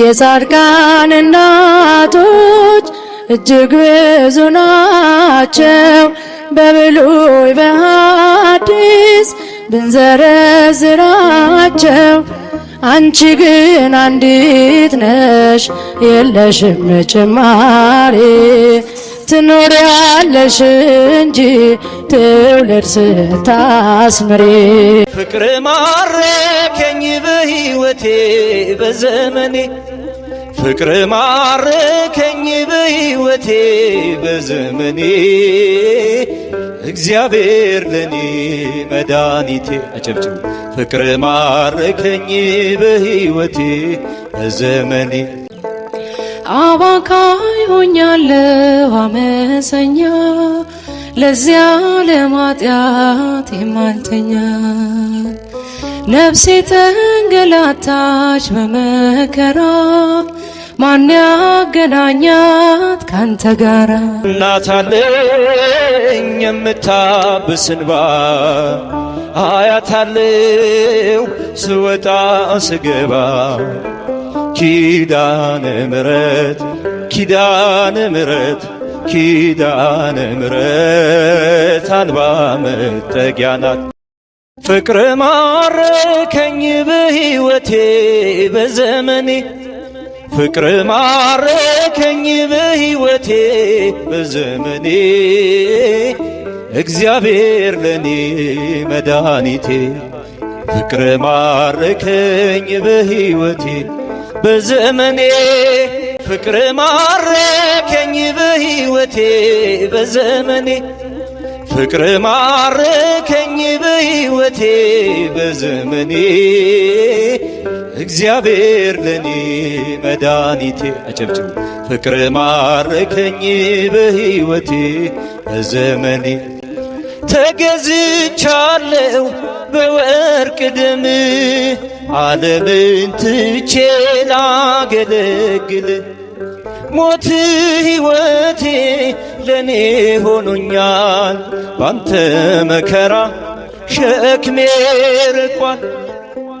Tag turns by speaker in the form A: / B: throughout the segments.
A: የጻድቃን እናቶች እጅግ ብዙ ናቸው። በብሉይ በሐዲስ ብንዘረዝራቸው አንቺ ግን አንዲት ነሽ የለሽም ጭማሬ ትኖሪያለሽ እንጂ ትውልድ ስታስምሪ
B: ፍቅር ማረከኝ በሕይወቴ በዘመኔ ፍቅር ማረከኝ በሕይወቴ በዘመኔ እግዚአብሔር ለኔ መድኃኒቴ አጨብጭብ ፍቅር ማረከኝ በሕይወቴ በዘመኔ
A: አባካይ ሆኛለሁ አመሰኛ ለዚያ ለማጥያት የማልተኛ ነፍሴ ተንገላታች በመከራ ማን ያገናኛት ካንተ ጋራ
B: እናታለኝ የምታብስ አያታለው ስወጣ ስገባ ኪዳነ ምሕረት ኪዳነ ምሕረት ኪዳነ ምሕረት አንባ መጠጊያ ናት። ፍቅር ማረከኝ በሕይወቴ በዘመኔ ፍቅር ማረከኝ በሕይወቴ በዘመኔ እግዚአብሔር ለኔ መድኃኒቴ ፍቅር ማረከኝ በሕይወቴ በዘመኔ ፍቅር ማረከኝ በሕይወቴ በዘመኔ ፍቅር ማረከኝ በሕይወቴ በዘመኔ እግዚአብሔር ለኔ መድኃኒቴ አጨብጭ ፍቅር ማረከኝ በሕይወቴ በዘመኔ ተገዝቻለሁ በወርቅ ደም ዓለምን ትቼ ላገለግል ሞት ሕይወቴ ለኔ ሆኖኛል ባንተ መከራ ሸክሜ ርቋል።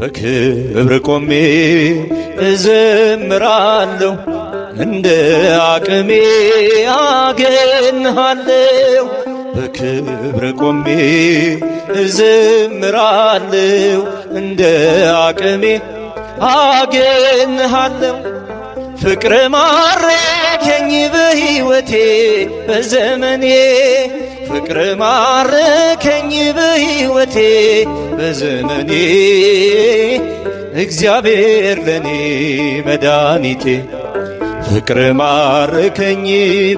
B: በክብር ቆሜ እዘምራለሁ እንደ አቅሜ አገንሃለሁ በክብር ቆሜ እዘምራለሁ እንደ አቅሜ አገንሃለሁ ፍቅር ማረከኝ በሕይወቴ በዘመኔ ፍቅር ማረከኝ በሕይወቴ በዘመኔ እግዚአብሔር ለኔ መድኃኒቴ ፍቅር ማረከኝ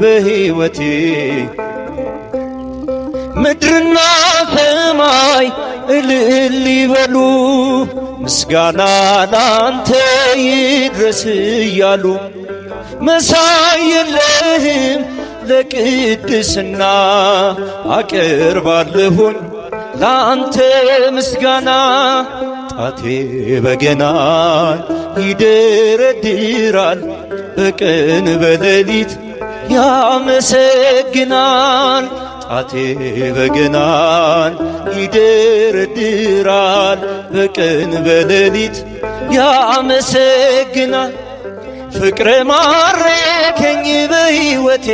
B: በሕይወቴ ምድርና ሰማይ እልል ይበሉ ምስጋና ላንተ ይድረስ እያሉ መሳይ የለህም ለቅድስና አቀርባለሁኝ ላንተ ምስጋና ጣቴ በገና ይደረድራል በቀን በሌሊት ያመሰግናል ጣቴ በገናን ይደረድራል በቀን በሌሊት ያመሰግናል። ፍቅረ ማረከኝ በሕይወቴ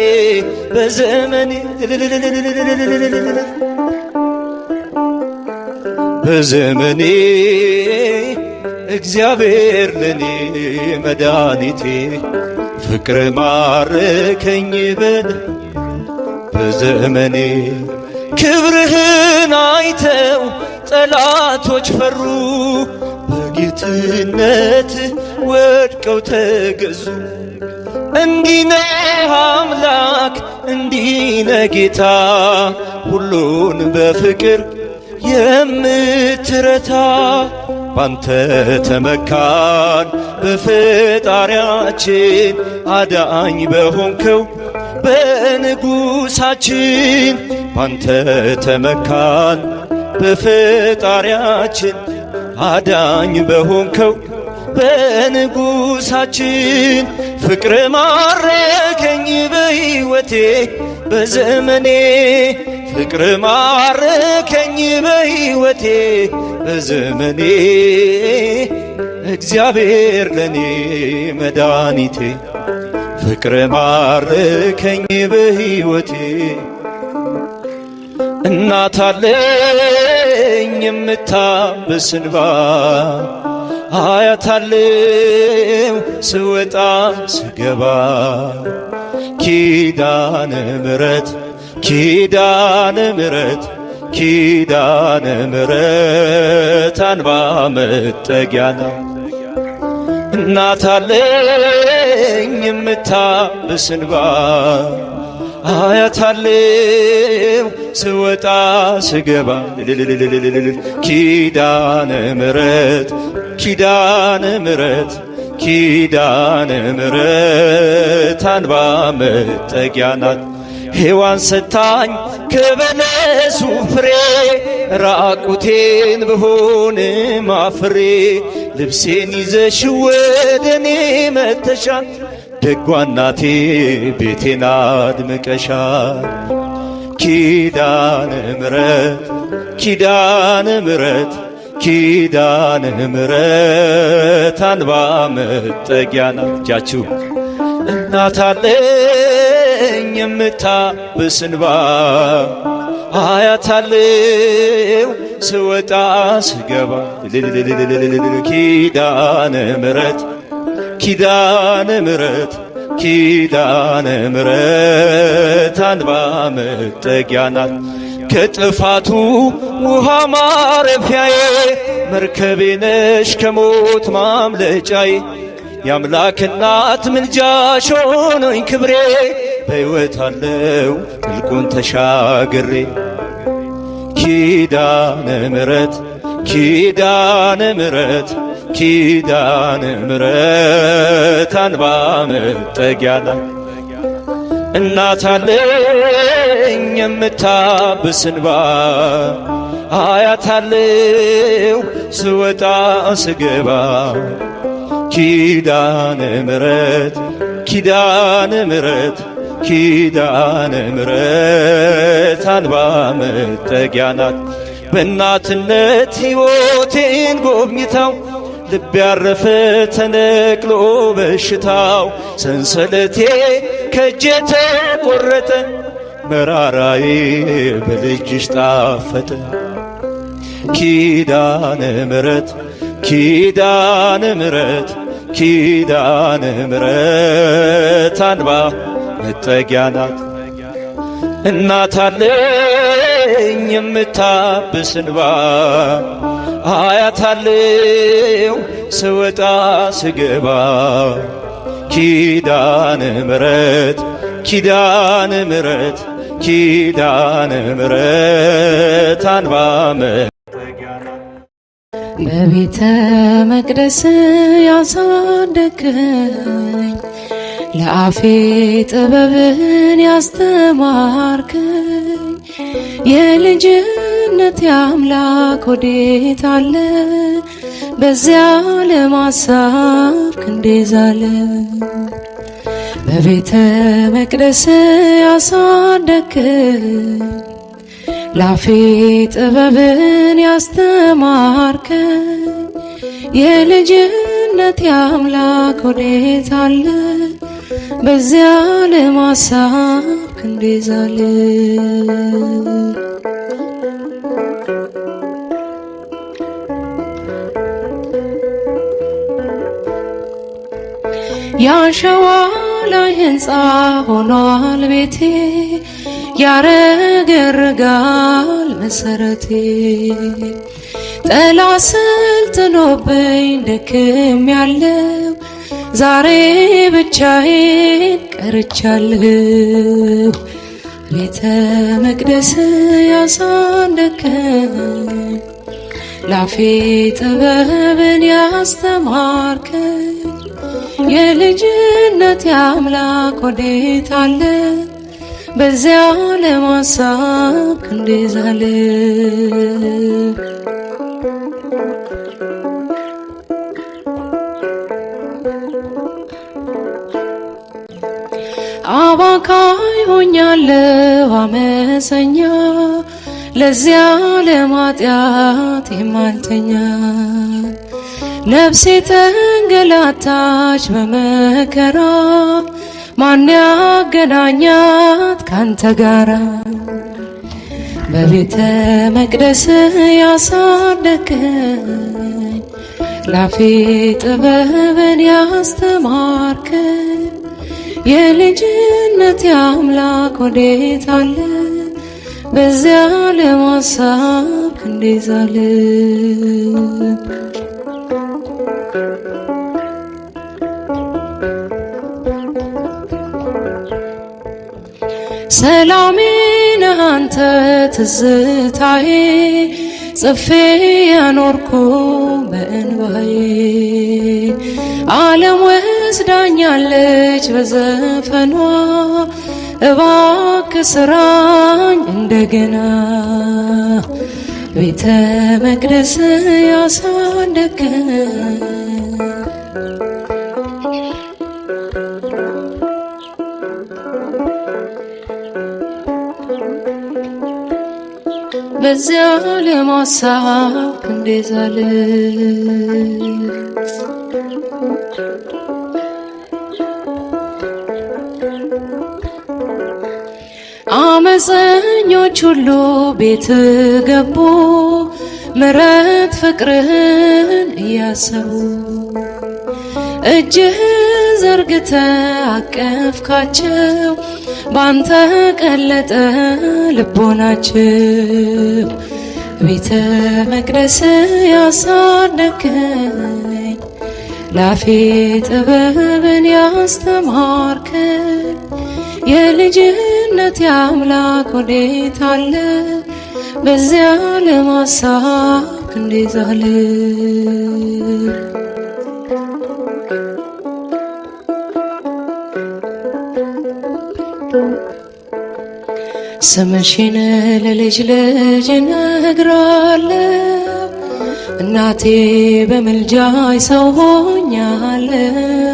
B: በዘመኔ በዘመኔ እግዚአብሔር ለኔ መድኃኒቴ ፍቅር ማረከኝ በ በዘመኔ ክብርህን አይተው ጠላቶች ፈሩ፣ በጌትነትህ ወድቀው ተገዙ። እንዲነህ አምላክ እንዲነ ጌታ ሁሉን በፍቅር የምትረታ ባንተ ተመካን በፈጣሪያችን አዳኝ በሆንከው በንጉሳችን ባንተ ተመካን በፈጣሪያችን አዳኝ በሆንከው በንጉሳችን ፍቅር ማረከኝ በሕይወቴ በዘመኔ ፍቅር ማረከኝ በሕይወቴ በዘመኔ እግዚአብሔር ለኔ መድኃኒቴ ፍቅር ማርከኝ በሕይወቴ እናታለኝ የምታብስ እንባ አያታለው ስወጣ ስገባ ኪዳነ ምሕረት ኪዳነ ምሕረት ኪዳነ ምሕረት አንባ መጠጊያ ነው እናታለኝ አለኝ የምታብስ እንባ ስወጣ ስገባ ኪዳነ ምሕረት ኪዳነ ምሕረት ኪዳነ ምሕረት አንባ መጠጊያ ናት ሔዋን ሰታኝ ከበለሱ ፍሬ ራቁቴን ብሆን ማፍሬ ልብሴን ይዘሽ ወደኔ መተሻል ደጓ እናቴ ቤቴን አድምቀሻል። ኪዳነ ምሕረት ኪዳነ ምሕረት ኪዳነ ምሕረት አንባ መጠጊያ ናት እጃችሁ እናታለኝ የምታብስ እንባ አያታለው ስወጣ ስገባ ኪዳነ ምሕረት ኪዳነ ምሕረት ኪዳነ ምሕረት አንባ መጠጊያ ናት ከጥፋቱ ውሃ ማረፊያዬ መርከቤ ነሽ ከሞት ማምለጫዬ የአምላክ እናት ምልጃሽ ሆኖኝ ክብሬ በሕይወት አለው ጥልቁን ተሻግሬ ኪዳነ ምሕረት ኪዳነ ምሕረት ኪዳነ ምሕረት አንባ መጠጊያ ናት እናት አለኝ የምታብስ እንባ አያት ስወጣ ስገባ ኪዳነ ምሕረት ኪዳነ ምሕረት ኪዳነ ምሕረት አልባ መጠጊያ ናት። በእናትነት ሕይወቴን ጎብኝታው ልብ ያረፈ ተነቅሎ በሽታው ሰንሰለቴ ከእጄ ተቆረጠ መራራዬ በልጅሽ ጣፈጠ። ኪዳነ ምሕረት ኪዳነ ምሕረት ኪዳነ ምሕረት አንባ መጠጊያ ናት እናታለኝ የምታብስ እንባ አያታለው ስወጣ ስገባ ኪዳነ ምሕረት ኪዳነ ምሕረት ኪዳነ ምሕረት አንባመ
A: በቤተ መቅደስ ያሳደከኝ ለአፌ ጥበብን ያስተማርከኝ የልጅነት አምላክ ወዴት አለ? በዚያ ለማሳብ ክንዴ ዛለ። በቤተ መቅደስ ያሳደከኝ ለአፌ ጥበብን ያስተማርከኝ የልጅነት አምላክ ወዴት አለ? በዚያ ለማሳብ ክንዴዛል ያሸዋ ላይ ህንፃ ሆኗል ቤቴ ያረገርጋል መሰረቴ ጠላ ስልጥኖብኝ ደክም ያለው ዛሬ ብቻዬን ቀርቻለሁ። ቤተ መቅደስ ያሳደከ ላፌ ጥበብን ያስተማርከ የልጅነት የአምላክ ወዴት አለ በዚያ ለማሳብ ክንዴዛለ አባካይ ሆኛለሁ አመሰኛ ለዚያ ለማጥያት የማልተኛ ነፍሴ ተንገላታች በመከራ ማን ያገናኛት ካንተ ጋራ በቤተ መቅደስ ያሳደከኝ ላፌ ጥበብን ያስተማርከኝ የልጅነት አምላክ ወዴት አለ? በዚያ ለማሳብ እንዴዛለ ሰላሜን አንተ ትዝታዬ ጽፌ ያኖርኩ በእንባዬ ዓለም ትወስዳኛለች በዘፈኗ እባክ ስራኝ እንደገና ቤተ መቅደስ ያሳደገ በዚያ ለማሳብ እንዴዛል አመፀኞች ሁሉ ቤት ገቡ ምረት ፍቅርህን እያሰቡ እጅህ ዘርግተ አቀፍካቸው ባንተ ቀለጠ ልቦናቸው ቤተ መቅደስ ያሳደከኝ ላፌ ጥበብን ያስተማርከኝ የልጅነት የአምላክ ወዴት አለ በዚያ ለማሳክ እንዴት አለ ስምሽን ለልጅ ልጅ እነግራለሁ እናቴ በመልጃ ሰው ሆኛለሁ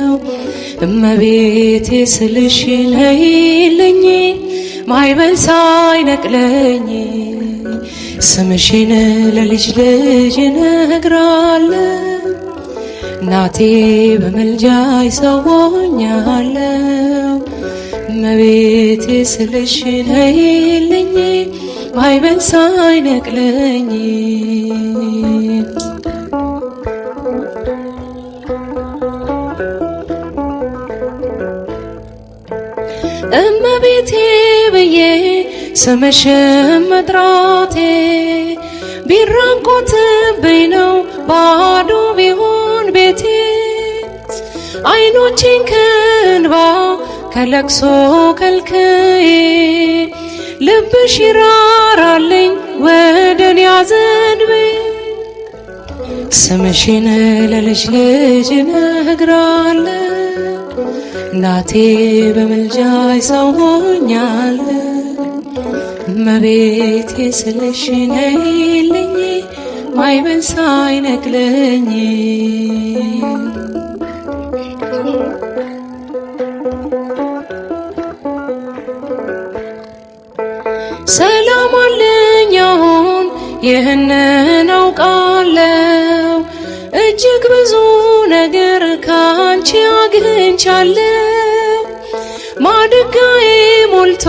A: እመቤቴ ስልሽ ነይልኝ ማይበል ሳይነቅለኝ ስምሽን ለልጅ ልጅ ነግራለ እናቴ በመልጃ ይሰዋኛለ እመቤቴ ስልሽ ነይልኝ ማይበል ሳይነቅለኝ እመቤቴ ብዬ ስምሽም መጥራቴ ቢራቆትብኝ ነው ባዶ ቢሆን ቤቴ አይኖቼን ከእንባ ከለቅሶ ከልክዬ ልብሽ ይራራልኝ ወደን ያዘንቤ ስምሽን ለልጅ ልጅ ነግራለ እናቴ በምልጃሽ ሰው ሆኛል። እመቤቴ ስለሽ ነይልኝ ማዕበል ሳይነቅለኝ ሰላም አለኝ አሁን ይህንን አውቃለሁ። እጅግ ብዙ ነገር ከአንቺ አግኝቻለሁ። ማድጋዬ ሞልቶ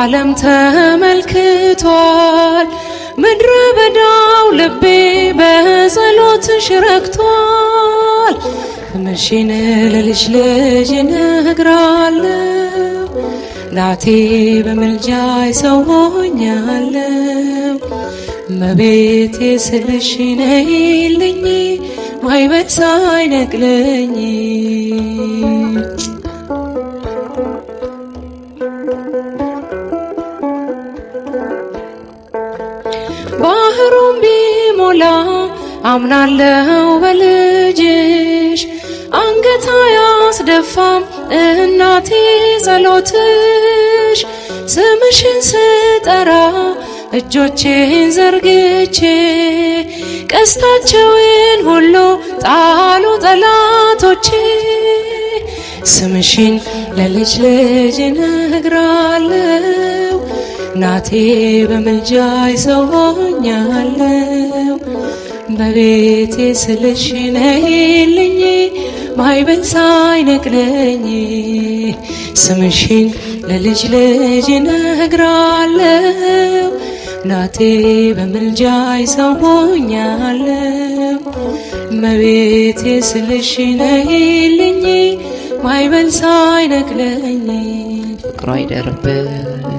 A: ዓለም ተመልክቷል። ምድረ በዳው ልቤ በጸሎትሽ ረክቷል። ምሽን ለልጅ ልጅ ነግራለሁ ናቴ በምልጃ ይሰውኛለሁ እመቤቴ ስልሽ ነይልኝ ማይበት ሳይነቅለኝ ባህሩም ቢሞላ አምናለው በልጅሽ አንገት አያስደፋም እናቴ ጸሎትሽ ስምሽን ስጠራ እጆቼን ዘርግቼ ቀስታቸውን ሁሉ ጣሉ ጠላቶቼ። ስምሽን ለልጅ ልጅ እነግራለሁ፣ እናቴ በምልጃይ ሰው በቤቴ ስልሽ ነይልኝ ማይበል ሳይነቅለኝ ስምሽን ለልጅ ልጅ እነግራለሁ በመዳቴ በምልጃይ ሰው ሆኛለሁ። እመቤቴ ስልሽ ነይልኝ ማይበል ሳይነቅለኝ ፍቅሯ ይደርብን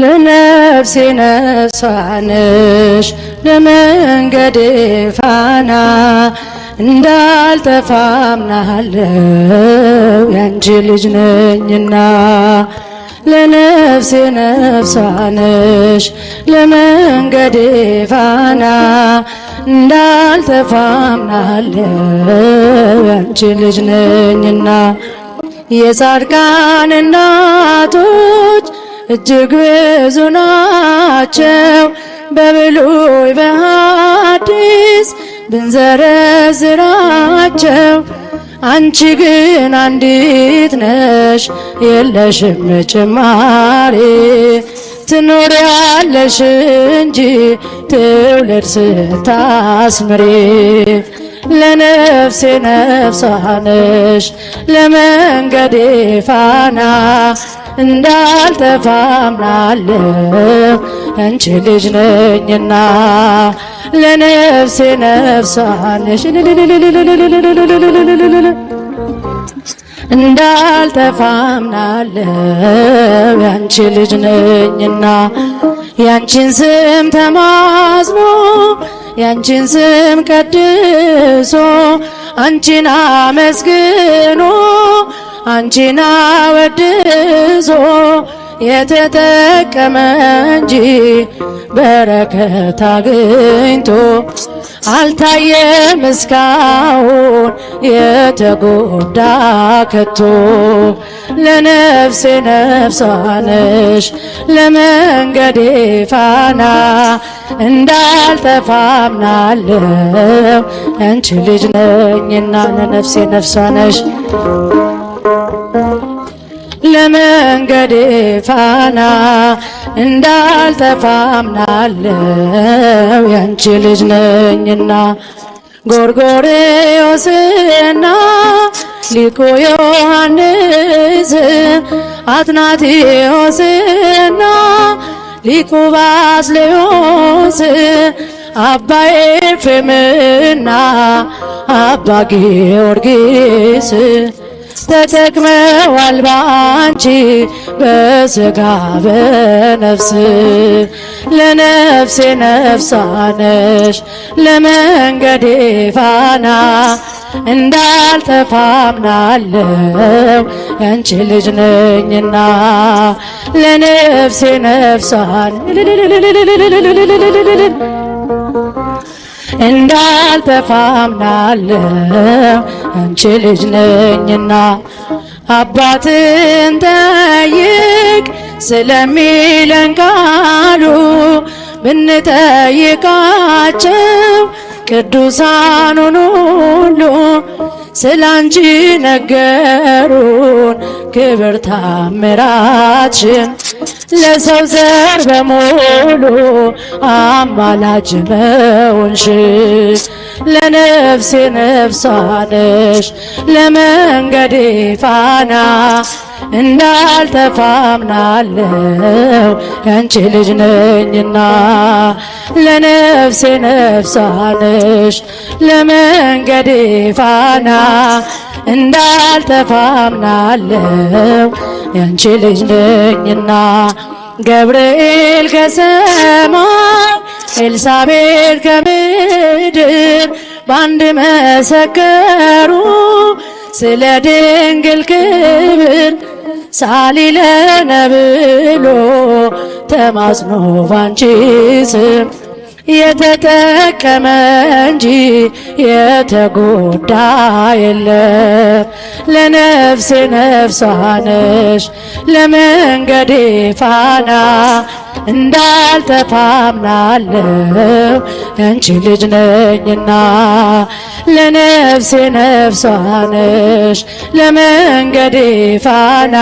A: ለነፍሴ ነፍሷንሽ ለመንገዴ ፋና እንዳልጠፋ አምናለሁ ያንቺ ልጅ ነኝና ለነፍሴ ነፍሳነሽ ለመንገዴ ፋና እንዳልተፋምናለው ያንቺ ልጅ ነኝና የጻድቃን እናቶች እጅግ ብዙ ናቸው። በብሉይ በሐዲስ ብንዘረዝራቸው አንቺ ግን አንዲት ነሽ የለሽም ጭማሪ ያለሽ እንጂ ትውልድ ስታስምሪ ለነፍሴ ነፍሳነሽ ለመንገዴ ፋና እንዳልተፋምናለሁ አንቺ ልጅ ነኝና ለነፍሴ ነፍሳነሽ እንዳልጠፋምናለው ያንቺ ልጅ ነኝና ያንቺን ስም ተማዝኖ ያንቺን ስም ቀድሶ አንቺን አመስግኖ አንቺን አወድሶ የተጠቀመ እንጂ በረከት አግኝቶ አልታየም እስካሁን የተጎዳ ከቶ። ለነፍሴ ነፍሷ ነሽ ለመንገዴ ፋና እንዳልጠፋ አምናለሁ አንቺ ልጅ ነኝና ለነፍሴ ነፍሷ ለመንገድ ፋና እንዳልተፋምናለው ያንቺ ልጅ ነኝና ጎርጎሬዎስና ሊቁ ዮሐንስ አትናቴዎስና ሊቁ ባስሌዎስ አባ ኤፍሬምና አባ ጊዮርጊስ ተጠቅመዋል ባንቺ በስጋ በነፍስ ለነፍሴ ነፍሳነሽ ለመንገዴ ፋና እንዳልተፋምናለው ያንቺ ልጅ ነኝና ለነፍሴ ነፍሳን እንዳልተፋምናለው አንቺ ልጅ ነኝና አባትን ጠይቅ ስለሚለን ቃሉ ብንጠይቃቸው ቅዱሳኑን ሁሉ ስላንቺ ነገሩን ክብር ታምራችን ለሰው ዘር በሙሉ አማላጅ መሆንሽ ለነፍሴ ነፍሷነሽ ለመንገዴ ፋና እንዳልተፋምናለው ያንቺ ልጅ ነኝና ለነፍሴ ነፍሷነሽ ለመንገዴ ፋና እንዳልተፋምናለው ያንቺ ልጅ ነኝና ገብርኤል ከሰማይ ኤልሳቤጥ ከምድር ባንድ መሰከሩ ስለ ድንግል ክብር ሳሊለነ ብሎ ተማጽኖ ባንቺ ስም የተጠቀመ እንጂ የተጎዳ የለም። ለነፍሴ ነፍሳነሽ ለመንገዴ ፋና እንዳልተፋምናለው እንቺ ልጅ ነኝና ለነፍሴ ነፍሳነሽ ለመንገዴ ፋና